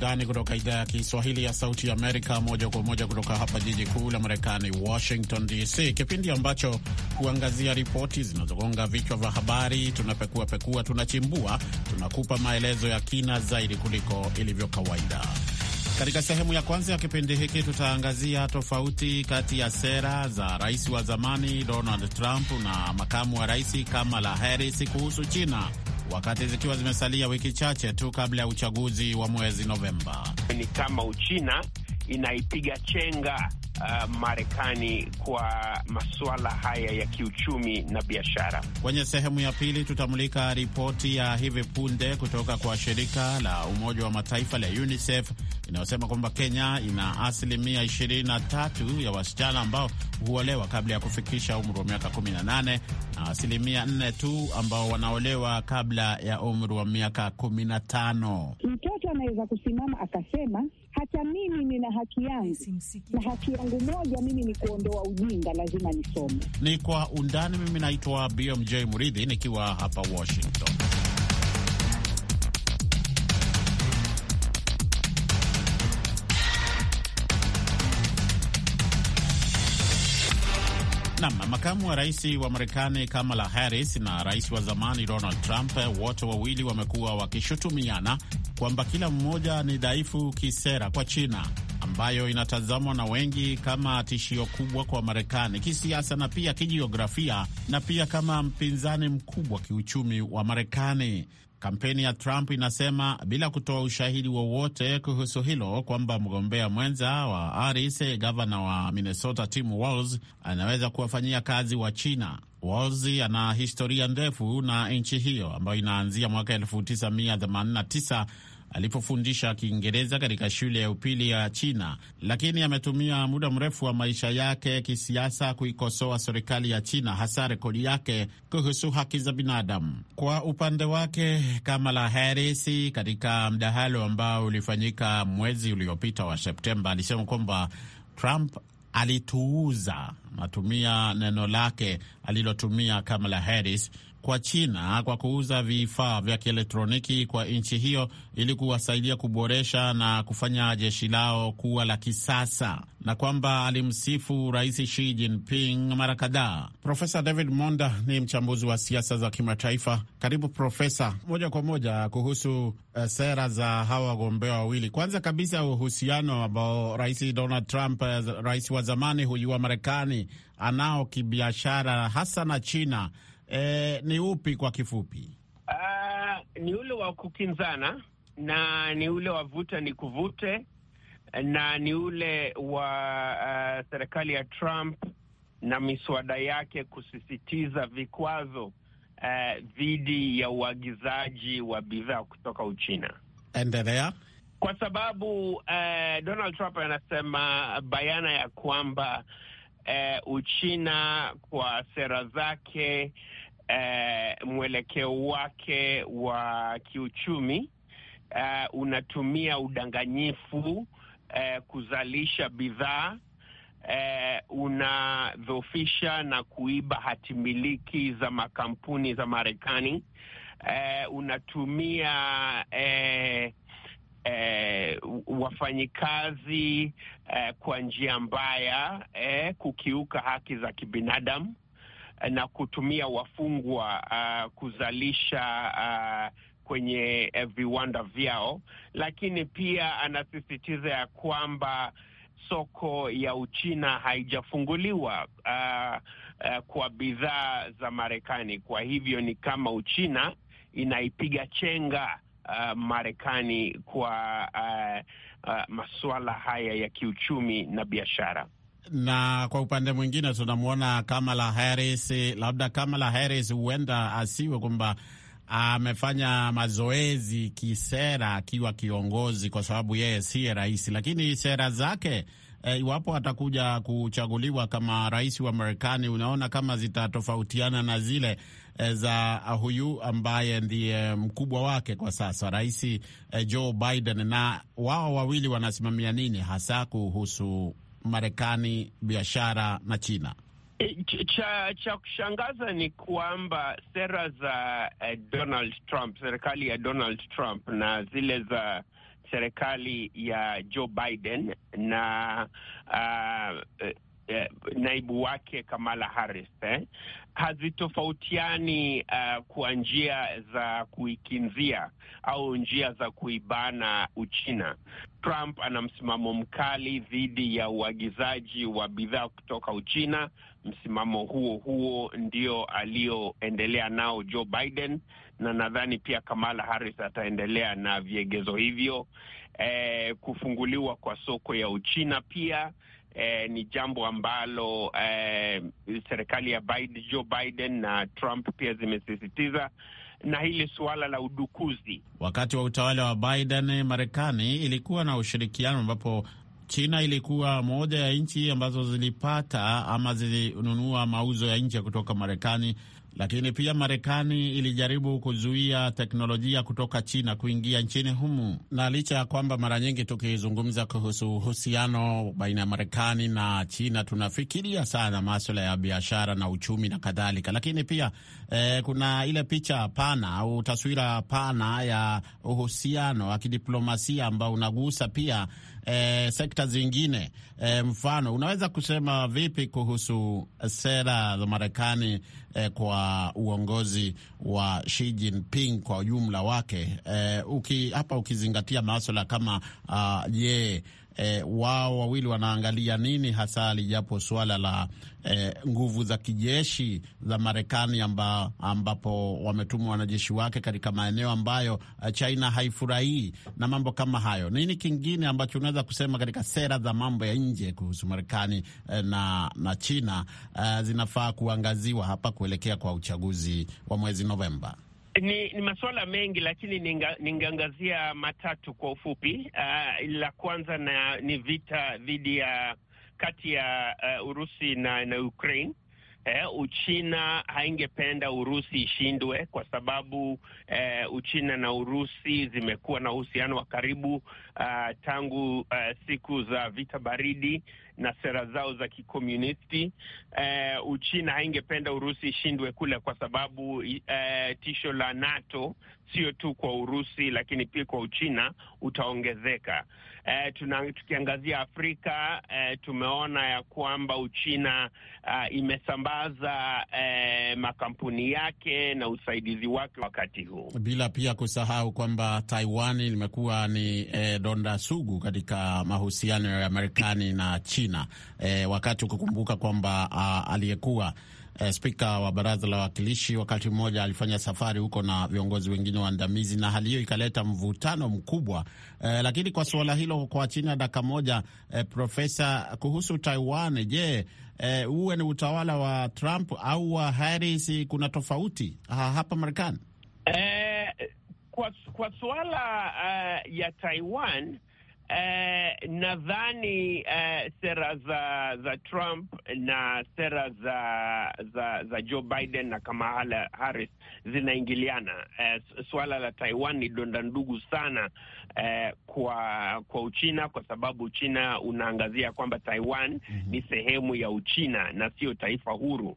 undani kutoka idhaa ya Kiswahili ya Sauti ya Amerika, moja kwa moja kutoka hapa jiji kuu la Marekani, Washington DC, kipindi ambacho huangazia ripoti zinazogonga vichwa vya habari. Tunapekua pekua, tunachimbua, tunakupa maelezo ya kina zaidi kuliko ilivyo kawaida. Katika sehemu ya kwanza ya kipindi hiki tutaangazia tofauti kati ya sera za rais wa zamani Donald Trump na makamu wa rais Kamala Harris kuhusu China wakati zikiwa zimesalia wiki chache tu kabla ya uchaguzi wa mwezi Novemba. Ni kama Uchina inaipiga chenga uh, Marekani kwa masuala haya ya kiuchumi na biashara. Kwenye sehemu ya pili tutamulika ripoti ya hivi punde kutoka kwa shirika la Umoja wa Mataifa la UNICEF inayosema kwamba Kenya ina asilimia 23 ya wasichana ambao huolewa kabla ya kufikisha umri wa miaka 18 na asilimia 4 tu ambao wanaolewa kabla ya umri wa miaka 15. Mtoto anaweza kusimama akasema hata mimi nina haki yangu na haki yangu moja mimi ni kuondoa ujinga, lazima nisome. Ni kwa undani. Mimi naitwa BMJ Muridhi nikiwa hapa Washington. Nam, makamu wa rais wa Marekani Kamala Harris na rais wa zamani Donald Trump wote wawili wamekuwa wakishutumiana kwamba kila mmoja ni dhaifu kisera kwa China ambayo inatazamwa na wengi kama tishio kubwa kwa Marekani kisiasa na pia kijiografia na pia kama mpinzani mkubwa kiuchumi wa Marekani. Kampeni ya Trump inasema bila kutoa ushahidi wowote kuhusu hilo kwamba mgombea mwenza wa Harris, gavana wa Minnesota Tim Walz, anaweza kuwafanyia kazi wa China. Walz ana historia ndefu na nchi hiyo ambayo inaanzia mwaka 1989 alipofundisha Kiingereza katika shule ya upili ya China, lakini ametumia muda mrefu wa maisha yake kisiasa kuikosoa serikali ya China, hasa rekodi yake kuhusu haki za binadamu. Kwa upande wake, Kamala Harris katika mdahalo ambao ulifanyika mwezi uliopita wa Septemba alisema kwamba Trump alituuza, natumia neno lake alilotumia Kamala Harris kwa China kwa kuuza vifaa vya kielektroniki kwa nchi hiyo ili kuwasaidia kuboresha na kufanya jeshi lao kuwa la kisasa na kwamba alimsifu Rais Xi Jinping mara kadhaa. Profesa David Monda ni mchambuzi wa siasa za kimataifa. Karibu Profesa. Moja kwa moja kuhusu uh, sera za hawa wagombea wawili, kwanza kabisa uhusiano ambao Rais Donald Trump, eh, rais wa zamani huyu wa Marekani, anao kibiashara hasa na China eh, ni upi kwa kifupi? Uh, ni ule wa kukinzana na ni ule wa vuta ni kuvute na ni ule wa uh, serikali ya Trump na miswada yake kusisitiza vikwazo uh, dhidi ya uagizaji wa bidhaa kutoka Uchina. Endelea. Kwa sababu uh, Donald Trump anasema bayana ya kwamba uh, Uchina kwa sera zake eh, mwelekeo wake wa kiuchumi eh, unatumia udanganyifu eh, kuzalisha bidhaa eh, unadhofisha na kuiba hatimiliki za makampuni za Marekani eh, unatumia eh, Eh, wafanyikazi eh, kwa njia mbaya eh, kukiuka haki za kibinadamu na kutumia wafungwa uh, kuzalisha uh, kwenye uh, viwanda vyao, lakini pia anasisitiza ya kwamba soko ya Uchina haijafunguliwa uh, uh, kwa bidhaa za Marekani. Kwa hivyo ni kama Uchina inaipiga chenga uh, Marekani kwa uh, uh, masuala haya ya kiuchumi na biashara na kwa upande mwingine tunamwona Kamala Harris. Labda Kamala Harris huenda asiwe kwamba amefanya mazoezi kisera akiwa kiongozi, kwa sababu yeye siye rais, lakini sera zake eh, iwapo atakuja kuchaguliwa kama rais wa Marekani, unaona kama zitatofautiana na zile eh, za huyu ambaye ndiye mkubwa wake kwa sasa, Rais eh, Joe Biden. Na wao wawili wanasimamia nini hasa kuhusu Marekani, biashara na China. E, cha, cha kushangaza ni kwamba sera za eh, Donald Trump, serikali ya Donald Trump na zile za serikali ya Joe Biden na uh, Eh, naibu wake Kamala Harris eh, hazitofautiani uh, kwa njia za kuikinzia au njia za kuibana Uchina. Trump ana msimamo mkali dhidi ya uagizaji wa bidhaa kutoka Uchina. Msimamo huo huo ndio alioendelea nao Joe Biden, na nadhani pia Kamala Harris ataendelea na viegezo hivyo. Eh, kufunguliwa kwa soko ya Uchina pia eh, ni jambo ambalo eh, serikali ya Biden, Joe Biden na Trump pia zimesisitiza na hili suala la udukuzi. Wakati wa utawala wa Biden, Marekani ilikuwa na ushirikiano ambapo China ilikuwa moja ya nchi ambazo zilipata ama zilinunua mauzo ya nje kutoka Marekani lakini pia Marekani ilijaribu kuzuia teknolojia kutoka China kuingia nchini humu. Na licha ya kwamba mara nyingi tukizungumza kuhusu uhusiano baina ya Marekani na China tunafikiria sana maswala ya biashara na uchumi na kadhalika, lakini pia eh, kuna ile picha pana au taswira pana ya uhusiano wa kidiplomasia ambao unagusa pia eh, sekta zingine eh, mfano unaweza kusema vipi kuhusu sera za Marekani eh, kwa uongozi wa Xi Jinping kwa ujumla wake eh, uki, hapa ukizingatia maswala kama ah, je uh, yeah, e, wao wawili wanaangalia nini hasa, lijapo suala la e, nguvu za kijeshi za Marekani amba, ambapo wametumwa wanajeshi wake katika maeneo ambayo eh, China haifurahii na mambo kama hayo. Nini kingine ambacho unaweza kusema katika sera za mambo ya nje kuhusu Marekani na, na China uh, zinafaa kuangaziwa hapa kuelekea kwa uchaguzi wa mwezi Novemba? Ni, ni masuala mengi lakini ninga, ningeangazia matatu kwa ufupi. Uh, la kwanza na ni vita dhidi ya kati ya uh, Urusi na, na Ukraine. Eh, Uchina haingependa Urusi ishindwe kwa sababu eh, Uchina na Urusi zimekuwa na uhusiano wa karibu uh, tangu uh, siku za vita baridi na sera zao za kikomunisti. Uh, Uchina haingependa Urusi ishindwe kule kwa sababu uh, tisho la NATO sio tu kwa Urusi lakini pia kwa Uchina utaongezeka eh, tuna, tukiangazia Afrika eh, tumeona ya kwamba Uchina ah, imesambaza eh, makampuni yake na usaidizi wake wakati huu, bila pia kusahau kwamba taiwan limekuwa ni eh, donda sugu katika mahusiano ya Marekani na China eh, wakati ukikumbuka kwamba ah, aliyekuwa eh, spika wa baraza la wawakilishi wakati mmoja alifanya safari huko na viongozi wengine waandamizi, na hali hiyo ikaleta mvutano mkubwa eh, lakini kwa suala hilo, kwa chini ya dakika moja eh, Profesa, kuhusu Taiwan, je, eh, uwe ni utawala wa Trump au wa Harris, kuna tofauti ha, hapa Marekani eh, kwa, kwa suala uh, ya Taiwan Eh, nadhani eh, sera za za Trump na sera za za, za Joe Biden na Kamala Harris zinaingiliana. Eh, suala la Taiwan ni donda ndugu sana eh, kwa kwa Uchina kwa sababu Uchina unaangazia kwamba Taiwan mm -hmm. ni sehemu ya Uchina na sio taifa huru.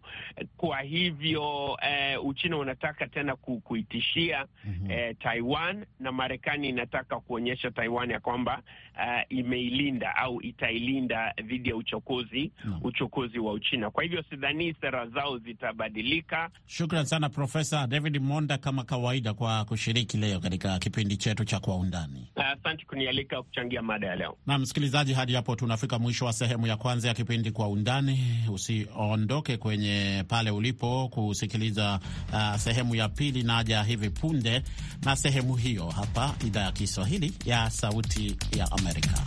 Kwa hivyo eh, Uchina unataka tena kuitishia mm -hmm. eh, Taiwan na Marekani inataka kuonyesha Taiwan ya kwamba eh, imeilinda au itailinda dhidi ya uchokozi mm -hmm. uchokozi wa Uchina. Kwa hivyo sidhani sera zao zitabadilika. Shukran sana Profesa David Monda kama kawaida kwa kushiriki leo katika kipindi chetu cha Kwa Undani. Asante uh, kunialika kuchangia mada ya leo. Na msikilizaji, hadi hapo tunafika mwisho wa sehemu ya kwanza ya kipindi Kwa Undani. Usiondoke kwenye pale ulipo kusikiliza uh, sehemu ya pili naja hivi punde, na sehemu hiyo hapa idhaa ya Kiswahili ya Sauti ya Amerika.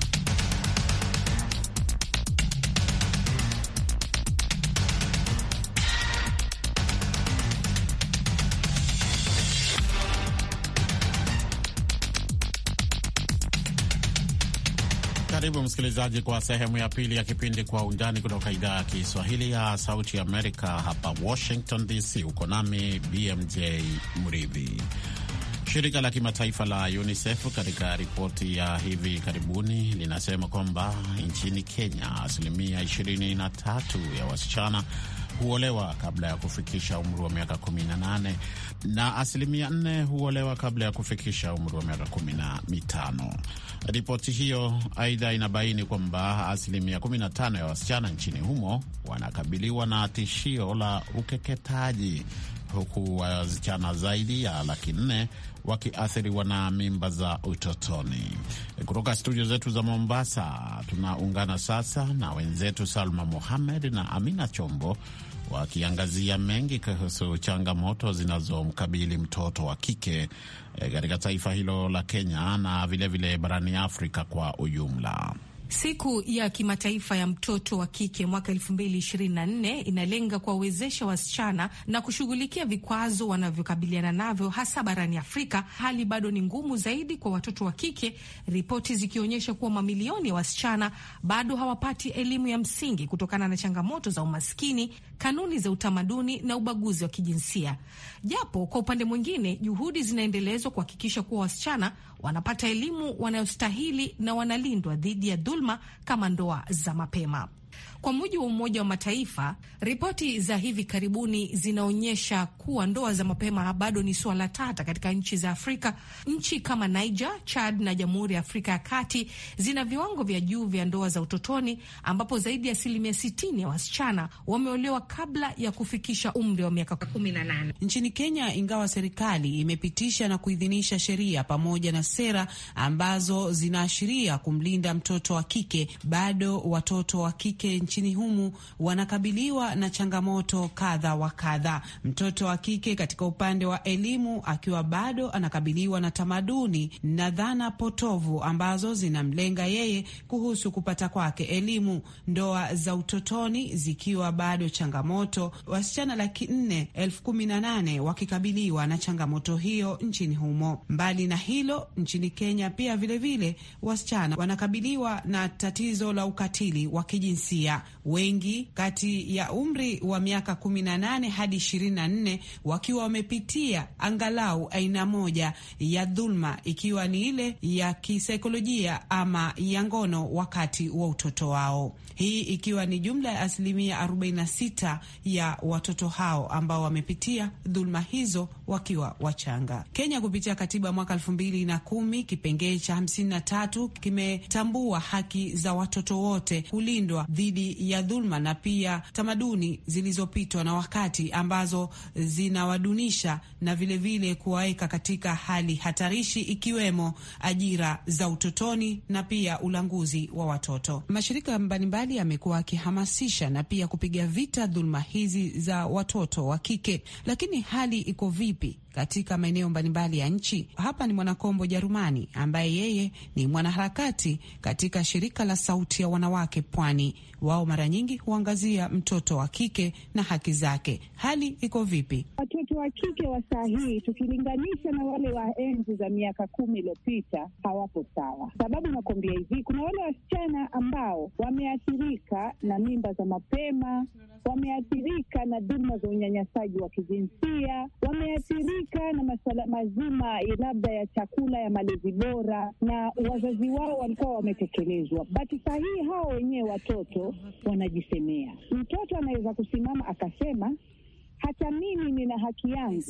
Karibu msikilizaji, kwa sehemu ya pili ya kipindi Kwa Undani kutoka idhaa ya Kiswahili ya Sauti Amerika, hapa Washington DC. Uko nami BMJ Mridhi. Shirika la kimataifa la UNICEF katika ripoti ya hivi karibuni linasema kwamba nchini Kenya asilimia 23 ya wasichana huolewa kabla ya kufikisha umri wa miaka 18 na asilimia 4 huolewa kabla ya kufikisha umri wa miaka 15. Ripoti hiyo aidha inabaini kwamba asilimia 15 ya wasichana nchini humo wanakabiliwa na tishio la ukeketaji huku uh, wasichana zaidi ya laki nne wakiathiriwa na mimba za utotoni. Kutoka studio zetu za Mombasa, tunaungana sasa na wenzetu Salma Mohamed na Amina Chombo wakiangazia mengi kuhusu changamoto zinazomkabili mtoto wa kike eh, katika taifa hilo la Kenya na vilevile vile barani Afrika kwa ujumla. Siku ya kimataifa ya mtoto wa kike mwaka 2024 inalenga kuwawezesha wasichana na kushughulikia vikwazo wanavyokabiliana navyo hasa barani Afrika. Hali bado ni ngumu zaidi kwa watoto wa kike, ripoti zikionyesha kuwa mamilioni ya wasichana bado hawapati elimu ya msingi kutokana na changamoto za umaskini kanuni za utamaduni na ubaguzi wa kijinsia. Japo kwa upande mwingine juhudi zinaendelezwa kuhakikisha kuwa wasichana wanapata elimu wanayostahili na wanalindwa dhidi ya dhuluma kama ndoa za mapema. Kwa mujibu wa Umoja wa Mataifa, ripoti za hivi karibuni zinaonyesha kuwa ndoa za mapema bado ni suala tata katika nchi za Afrika. Nchi kama Niger, Chad na Jamhuri ya Afrika ya Kati zina viwango vya juu vya ndoa za utotoni, ambapo zaidi ya asilimia 60 ya wasichana wameolewa kabla ya kufikisha umri wa miaka 18. Nchini Kenya, ingawa serikali imepitisha na kuidhinisha sheria pamoja na sera ambazo zinaashiria kumlinda mtoto wa kike, bado watoto wa kike nchini humu wanakabiliwa na changamoto kadha wa kadha. Mtoto wa kike katika upande wa elimu akiwa bado anakabiliwa na tamaduni na dhana potovu ambazo zinamlenga yeye kuhusu kupata kwake elimu. Ndoa za utotoni zikiwa bado changamoto, wasichana laki nne elfu kumi na nane wakikabiliwa na changamoto hiyo nchini humo. Mbali na hilo, nchini Kenya pia vilevile vile, wasichana wanakabiliwa na tatizo la ukatili wa kijinsia wengi kati ya umri wa miaka 18 hadi 24 wakiwa wamepitia angalau aina moja ya dhulma, ikiwa ni ile ya kisaikolojia ama ya ngono wakati wa utoto wao, hii ikiwa ni jumla ya asilimia 46 ya watoto hao ambao wamepitia dhulma hizo wakiwa wachanga. Kenya kupitia katiba mwaka kumi kipengee cha 53 kimetambua haki za watoto wote kulindwa dhidi ya dhulma na pia tamaduni zilizopitwa na wakati ambazo zinawadunisha na vilevile kuwaweka katika hali hatarishi ikiwemo ajira za utotoni na pia ulanguzi wa watoto. Mashirika mbalimbali yamekuwa akihamasisha na pia kupiga vita dhulma hizi za watoto wa kike, lakini hali iko vipi? katika maeneo mbalimbali ya nchi. Hapa ni Mwanakombo Jarumani, ambaye yeye ni mwanaharakati katika shirika la Sauti ya Wanawake Pwani. Wao mara nyingi huangazia mtoto wa kike na haki zake. Hali iko vipi watoto wa kike wa saa hii tukilinganisha na wale wa enzi za miaka kumi iliyopita? Hawapo sawa. Sababu nakuambia hivi, kuna wale wasichana ambao wameathirika na mimba za mapema, wameathirika na dhuluma za unyanyasaji wa kijinsia, wameathirika wanahusika na masuala mazima labda ya chakula, ya malezi bora, na wazazi wao walikuwa wametekelezwa. basi saa hii hao wenyewe watoto wanajisemea. Mtoto anaweza kusimama akasema hata mimi nina haki yangu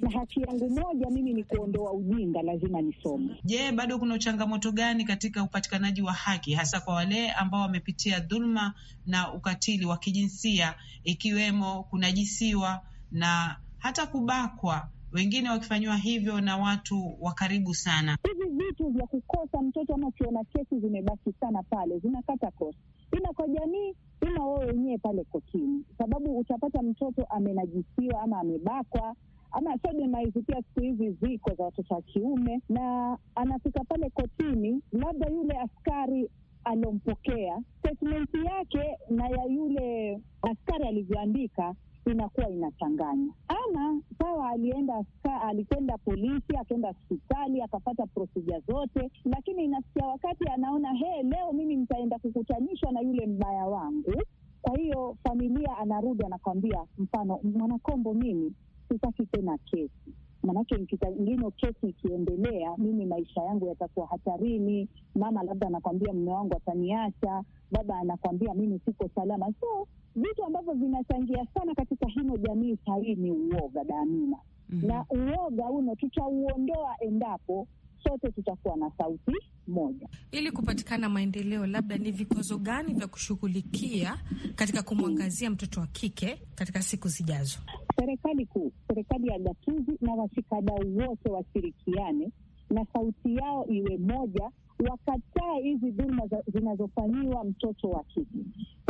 na haki yangu moja mimi ni kuondoa ujinga, lazima nisome. Je, bado kuna changamoto gani katika upatikanaji wa haki, hasa kwa wale ambao wamepitia dhuluma na ukatili wa kijinsia, ikiwemo kunajisiwa na hata kubakwa? wengine wakifanyiwa hivyo na watu wa karibu sana. Hivi vitu vya kukosa mtoto ama ukiona kesi zimebaki sana pale, zinakata kosa, ila kwa jamii ima wao wenyewe pale kotini, sababu utapata mtoto amenajisiwa ama amebakwa ama sodomizi. Pia siku hizi ziko za watoto wa kiume, na anafika pale kotini, labda yule askari aliompokea statementi yake na ya yule askari alivyoandika inakuwa inachanganya. Ama sawa, alienda alikwenda polisi, akaenda hospitali, akapata prosija zote, lakini inafikia wakati anaona he, leo mimi nitaenda kukutanishwa na yule mbaya wangu. Kwa hiyo familia anarudi anakwambia, mfano Mwanakombo, mimi sitaki tena kesi Manake ngino kesi ikiendelea, mimi maisha yangu yatakuwa hatarini. Mama labda anakwambia mme wangu ataniacha, baba anakwambia mimi siko salama. So vitu ambavyo vinachangia sana katika hino jamii sahii ni uoga, daamina Mm -hmm. Na uoga uno tutauondoa endapo sote tutakuwa na sauti moja ili kupatikana maendeleo. Labda ni vikwazo gani vya kushughulikia katika kumwangazia mtoto wa kike katika siku zijazo? Serikali kuu, serikali ya gatuzi na washikadau wote washirikiane na sauti yao iwe moja, wakataa hizi dhuluma zinazofanyiwa mtoto wa kike,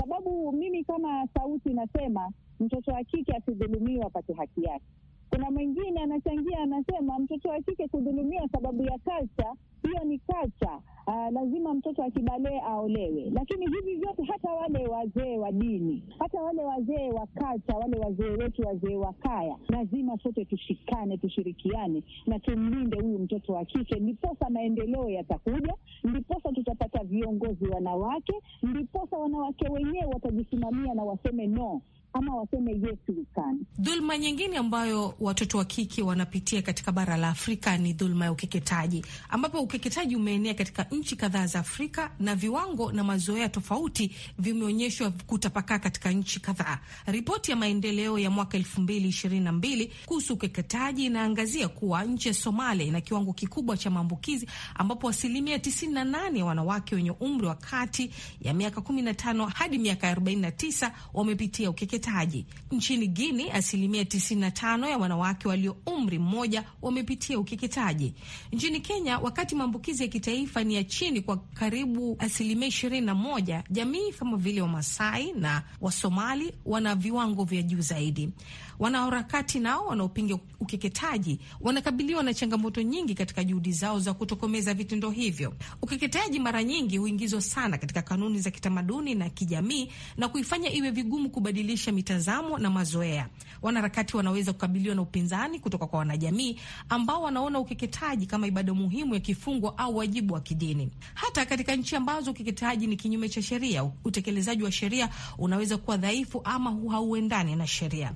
sababu mimi kama sauti nasema mtoto wa kike asidhulumiwe, apate haki yake. Kuna mwingine anachangia, anasema mtoto wa kike kudhulumiwa sababu ya kacha hiyo ni kacha Uh, lazima mtoto akibalee aolewe. Lakini hivi vyote, hata wale wazee wa dini, hata wale wazee wa kacha, wale wazee wetu, wazee wa kaya, lazima sote tushikane, tushirikiane na tumlinde huyu mtoto wa kike, ndiposa maendeleo yatakuja, ndiposa tutapata viongozi wanawake, ndiposa wanawake wenyewe watajisimamia na waseme no ama waseme yes we can. Dhulma nyingine ambayo watoto wa kike wanapitia katika bara la Afrika ni dhulma ya ukeketaji, ambapo ukeketaji umeenea katika nchi kadhaa za Afrika na viwango na mazoea tofauti vimeonyeshwa kutapakaa katika nchi kadhaa. Ripoti ya maendeleo ya mwaka elfu mbili ishirini na mbili kuhusu ukeketaji inaangazia kuwa nchi ya Somalia ina kiwango kikubwa cha maambukizi, ambapo asilimia 98 ya wanawake wenye umri wa kati ya miaka 15 hadi miaka 49 wamepitia ukeketaji ukeketaji. Nchini Guini, asilimia 95 ya wanawake walio umri mmoja wamepitia ukeketaji. Nchini Kenya, wakati maambukizi ya kitaifa ni ya chini kwa karibu asilimia 21, jamii kama vile Wamasai na Wasomali wana viwango vya juu zaidi. Wanaharakati nao wanaopinga ukeketaji wanakabiliwa na changamoto nyingi katika juhudi zao za kutokomeza vitendo hivyo. Ukeketaji mara nyingi huingizwa sana katika kanuni za kitamaduni na kijamii na kuifanya iwe vigumu kubadilisha mitazamo na mazoea. Wanaharakati wanaweza kukabiliwa na upinzani kutoka kwa wanajamii ambao wanaona ukeketaji kama ibada muhimu ya kifungo au wajibu wa kidini. Hata katika nchi ambazo ukeketaji ni kinyume cha sheria, utekelezaji wa sheria unaweza kuwa dhaifu ama hauendani na sheria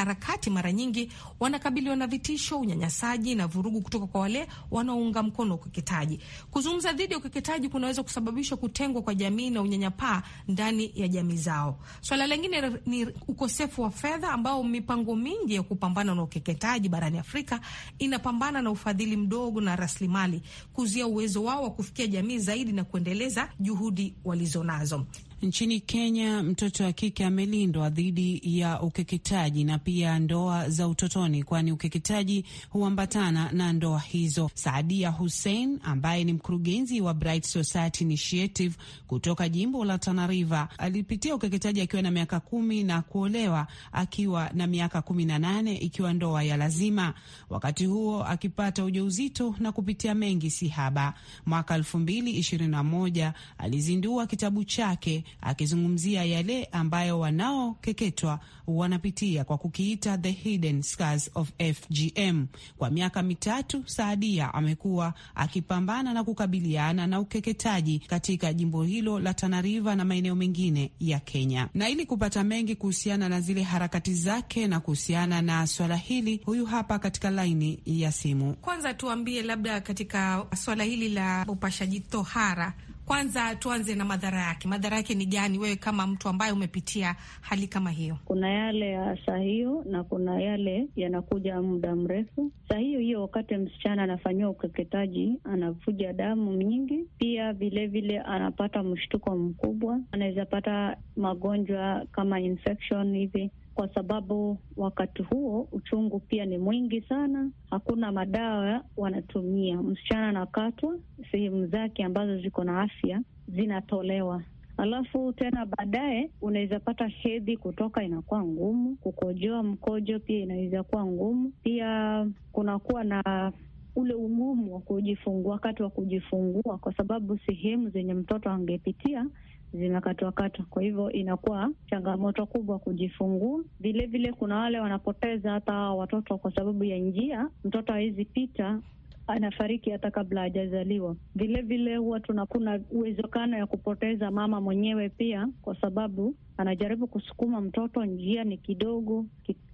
wanaharakati mara nyingi wanakabiliwa na vitisho, unyanyasaji na vurugu kutoka kwa wale wanaounga mkono ukeketaji. Kuzungumza dhidi ya ukeketaji kunaweza kusababisha kutengwa kwa jamii na unyanyapaa ndani ya jamii zao. Swala lingine ni ukosefu wa fedha, ambao mipango mingi ya kupambana na ukeketaji barani Afrika inapambana na ufadhili mdogo na rasilimali, kuzuia uwezo wao wa kufikia jamii zaidi na kuendeleza juhudi walizonazo. Nchini Kenya, mtoto wa kike amelindwa dhidi ya ukeketaji na pia ndoa za utotoni, kwani ukeketaji huambatana na ndoa hizo. Saadia Hussein ambaye ni mkurugenzi wa Bright Society Initiative kutoka jimbo la Tana River alipitia ukeketaji akiwa na miaka kumi na kuolewa akiwa na miaka kumi na nane ikiwa ndoa ya lazima, wakati huo akipata ujauzito na kupitia mengi si haba. Mwaka elfu mbili ishirini na moja alizindua kitabu chake akizungumzia yale ambayo wanaokeketwa wanapitia kwa kukiita the hidden scars of FGM. Kwa miaka mitatu, Saadia amekuwa akipambana na kukabiliana na ukeketaji katika jimbo hilo la Tana River na maeneo mengine ya Kenya. Na ili kupata mengi kuhusiana na zile harakati zake na kuhusiana na swala hili, huyu hapa katika laini ya simu. Kwanza tuambie labda katika swala hili la upashaji tohara kwanza tuanze na madhara yake. Madhara yake ni gani, wewe kama mtu ambaye umepitia hali kama hiyo? Kuna yale ya saa hiyo na kuna yale yanakuja muda mrefu. Saa hiyo hiyo, wakati msichana anafanyiwa ukeketaji, anavuja damu nyingi, pia vilevile anapata mshtuko mkubwa, anaweza pata magonjwa kama infection hivi kwa sababu wakati huo uchungu pia ni mwingi sana, hakuna madawa wanatumia. Msichana anakatwa sehemu zake ambazo ziko na afya zinatolewa, alafu tena baadaye unaweza pata hedhi kutoka, inakuwa ngumu. Kukojoa mkojo pia inaweza kuwa ngumu. Pia kunakuwa na ule ugumu wa kujifungua, wakati wa kujifungua, kwa sababu sehemu zenye mtoto angepitia zimekatwakatwa. Kwa hivyo inakuwa changamoto kubwa kujifungua. Vilevile kuna wale wanapoteza hata watoto kwa sababu ya njia, mtoto hawezi pita anafariki hata kabla hajazaliwa. Vilevile huwa tunakuna uwezekano ya kupoteza mama mwenyewe pia, kwa sababu anajaribu kusukuma mtoto, njia ni kidogo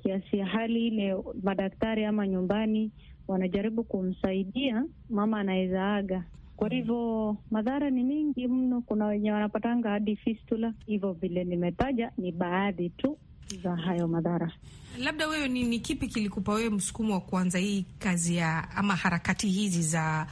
kiasi ya hali ile, madaktari ama nyumbani wanajaribu kumsaidia mama anaweza aga. Kwa hivyo madhara ni mingi mno, kuna wenye wanapatanga hadi fistula. Hivyo vile nimetaja ni baadhi tu za hayo madhara. Labda wewe ni, ni kipi kilikupa wewe msukumo wa kuanza hii kazi ya ama harakati hizi za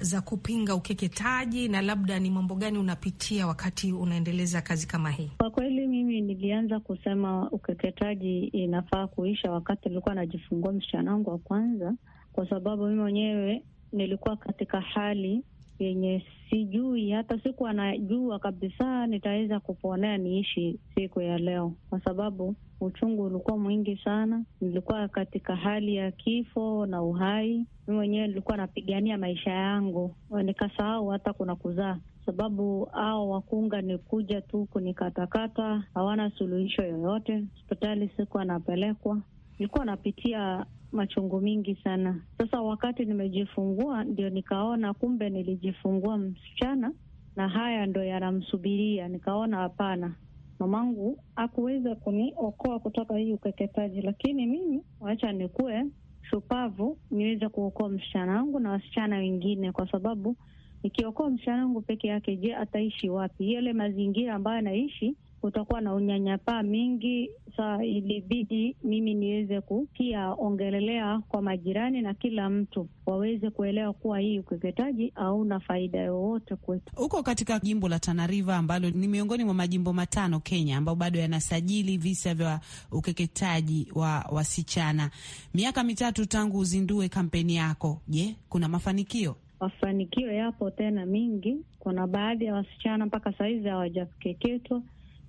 za kupinga ukeketaji na labda ni mambo gani unapitia wakati unaendeleza kazi kama hii? Kwa kweli mimi nilianza kusema ukeketaji inafaa kuisha wakati nilikuwa najifungua msichana wangu wa kwanza, kwa sababu mimi mwenyewe nilikuwa katika hali yenye sijui, hata siku anajua kabisa nitaweza kuponea niishi siku ya leo, kwa sababu uchungu ulikuwa mwingi sana. Nilikuwa katika hali ya kifo na uhai, mi mwenyewe nilikuwa napigania maisha yangu, nikasahau hata kuna kuzaa sababu hao wakunga ni kuja tu kunikatakata, hawana suluhisho yoyote. Hospitali siku anapelekwa, nilikuwa napitia machungu mingi sana. Sasa wakati nimejifungua, ndio nikaona kumbe nilijifungua msichana na haya ndo yanamsubiria. Nikaona hapana, mamangu hakuweza kuniokoa kutoka hii ukeketaji, lakini mimi wacha nikuwe shupavu niweze kuokoa msichana wangu na wasichana wengine, kwa sababu nikiokoa msichana wangu peke yake, je, ataishi wapi? Yale mazingira ambayo anaishi kutakuwa na unyanyapaa mingi. Sa ilibidi mimi niweze kupia ongelelea kwa majirani na kila mtu waweze kuelewa kuwa hii ukeketaji hauna faida yoyote kwetu. Huko katika jimbo la Tana River ambalo ni miongoni mwa majimbo matano Kenya ambayo bado yanasajili visa vya ukeketaji wa wasichana, miaka mitatu tangu uzindue kampeni yako, je, kuna mafanikio? Mafanikio yapo tena mingi. Kuna baadhi ya wasichana mpaka sahizi hawajakeketwa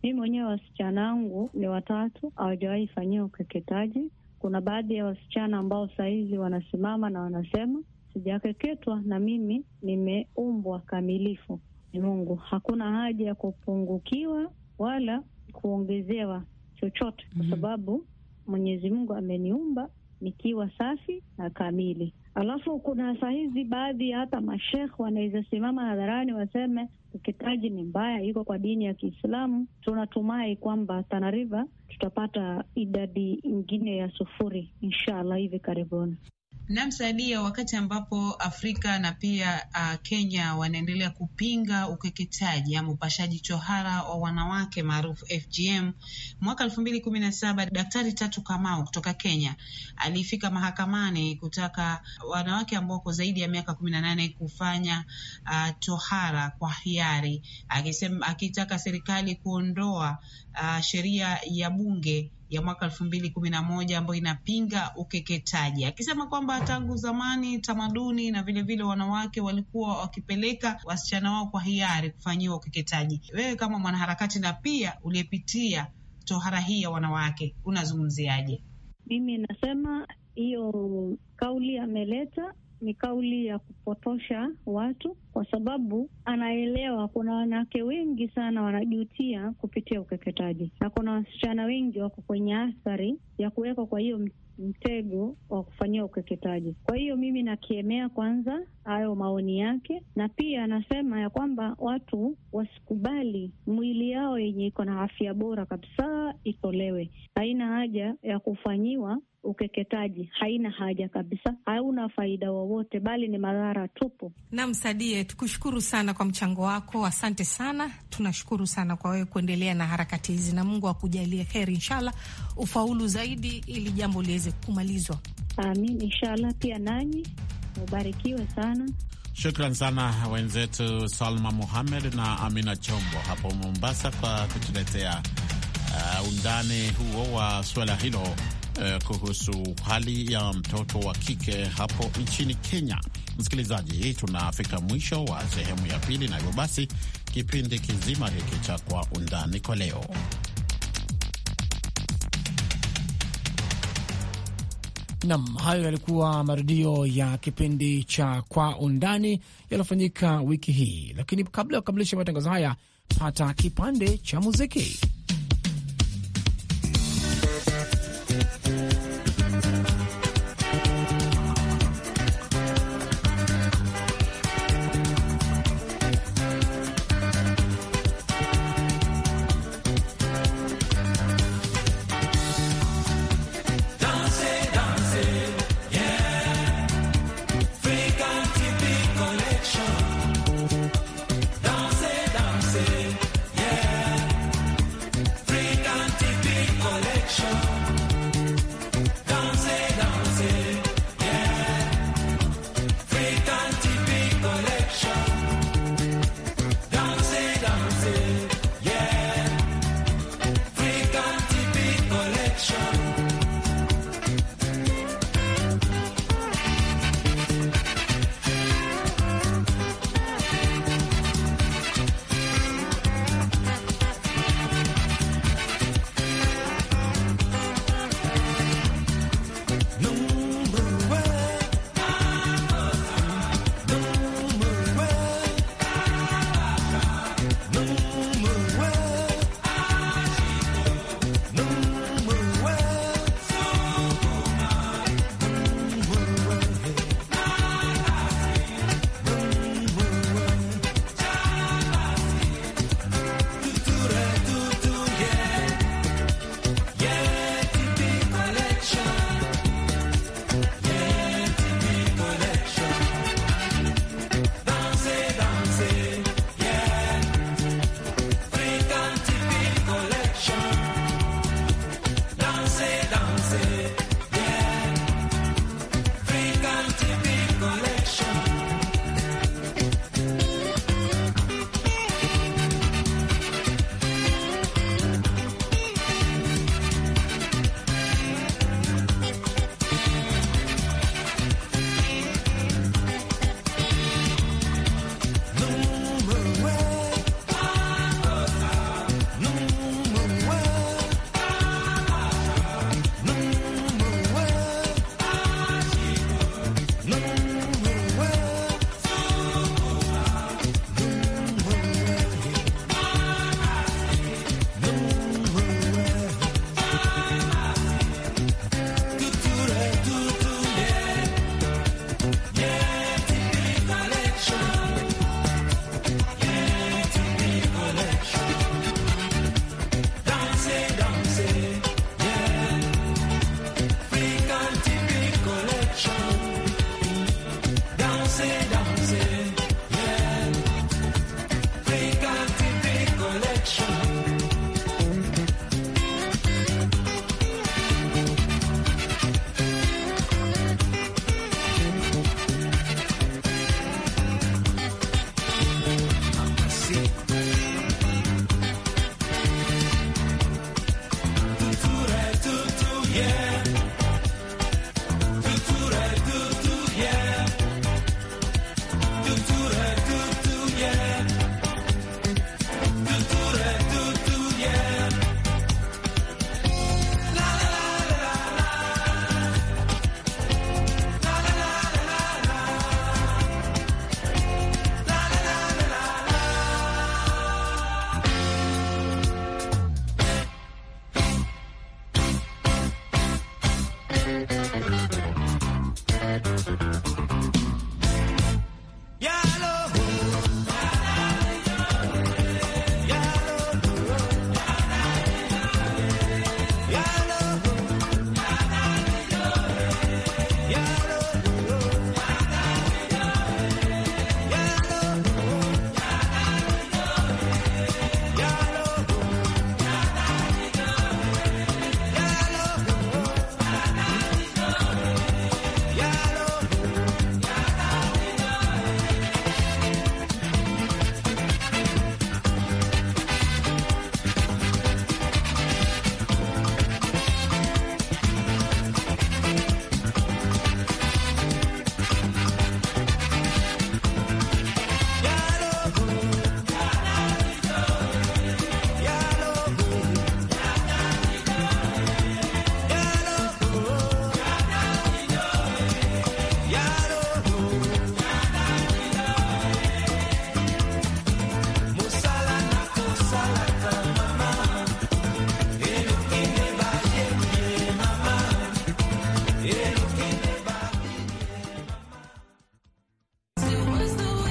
Mi mwenyewe wasichana wangu ni watatu, hawajawahi fanyia ukeketaji. Kuna baadhi ya wasichana ambao sahizi wanasimama na wanasema sijakeketwa, na mimi nimeumbwa kamilifu ni Mungu, hakuna haja ya kupungukiwa wala kuongezewa chochote, kwa mhm. sababu Mwenyezi Mungu ameniumba nikiwa safi na kamili. Alafu kuna sahizi baadhi ya hata mashekh wanaweza simama hadharani waseme ukitaji ni mbaya, iko kwa dini ya Kiislamu. Tunatumai kwamba Tana River tutapata idadi ingine ya sufuri inshaallah hivi karibuni. Namsaidia wakati ambapo Afrika na pia uh, Kenya wanaendelea kupinga ukeketaji ama upashaji tohara wa wanawake maarufu FGM. Mwaka elfu mbili kumi na saba Daktari Tatu Kamau kutoka Kenya alifika mahakamani kutaka wanawake ambao wako zaidi ya miaka kumi na nane kufanya uh, tohara kwa hiari, akisema akitaka serikali kuondoa uh, sheria ya bunge ya mwaka elfu mbili kumi na moja ambayo inapinga ukeketaji, akisema kwamba tangu zamani tamaduni na vilevile vile wanawake walikuwa wakipeleka wasichana wao kwa hiari kufanyiwa ukeketaji. Wewe kama mwanaharakati na pia uliyepitia tohara hii ya wanawake unazungumziaje? Mimi nasema hiyo kauli ameleta ni kauli ya kupotosha watu kwa sababu anaelewa kuna wanawake wengi sana wanajutia kupitia ukeketaji na kuna wasichana wengi wako kwenye athari ya kuwekwa kwa hiyo mtego wa kufanyia ukeketaji. Kwa hiyo mimi nakiemea kwanza hayo maoni yake, na pia anasema ya kwamba watu wasikubali mwili yao yenye iko na afya bora kabisa itolewe. Haina haja ya kufanyiwa ukeketaji, haina haja kabisa, hauna faida wowote, bali ni madhara tupu. Namsadie tukushukuru sana kwa mchango wako, asante sana. Tunashukuru sana kwa wewe kuendelea na harakati hizi, na Mungu akujalie heri, inshallah ufaulu zaidi, ili jambo liweze kumalizwa. Amin, inshallah. Pia nanyi mubarikiwe sana. Shukran sana wenzetu Salma Muhamed na Amina Chombo hapo Mombasa kwa kutuletea uh, undani huo wa suala hilo uh, kuhusu hali ya mtoto wa kike hapo nchini Kenya. Msikilizaji, tunafika mwisho wa sehemu ya pili, na hivyo basi kipindi kizima hiki cha Kwa Undani kwa leo Nam, hayo yalikuwa marudio ya kipindi cha Kwa Undani yaliyofanyika wiki hii, lakini kabla ya kukamilisha matangazo haya, pata kipande cha muziki.